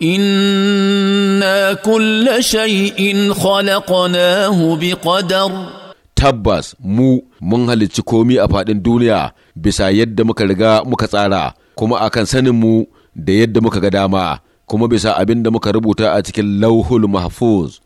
in inna kulla shay'in khalaqnahu biqadar tabbas mu mun halicci komi a faɗin duniya bisa yadda muka riga muka tsara kuma akan sanin mu da yadda muka ga dama kuma bisa abin da muka rubuta a cikin lauhul mahfuz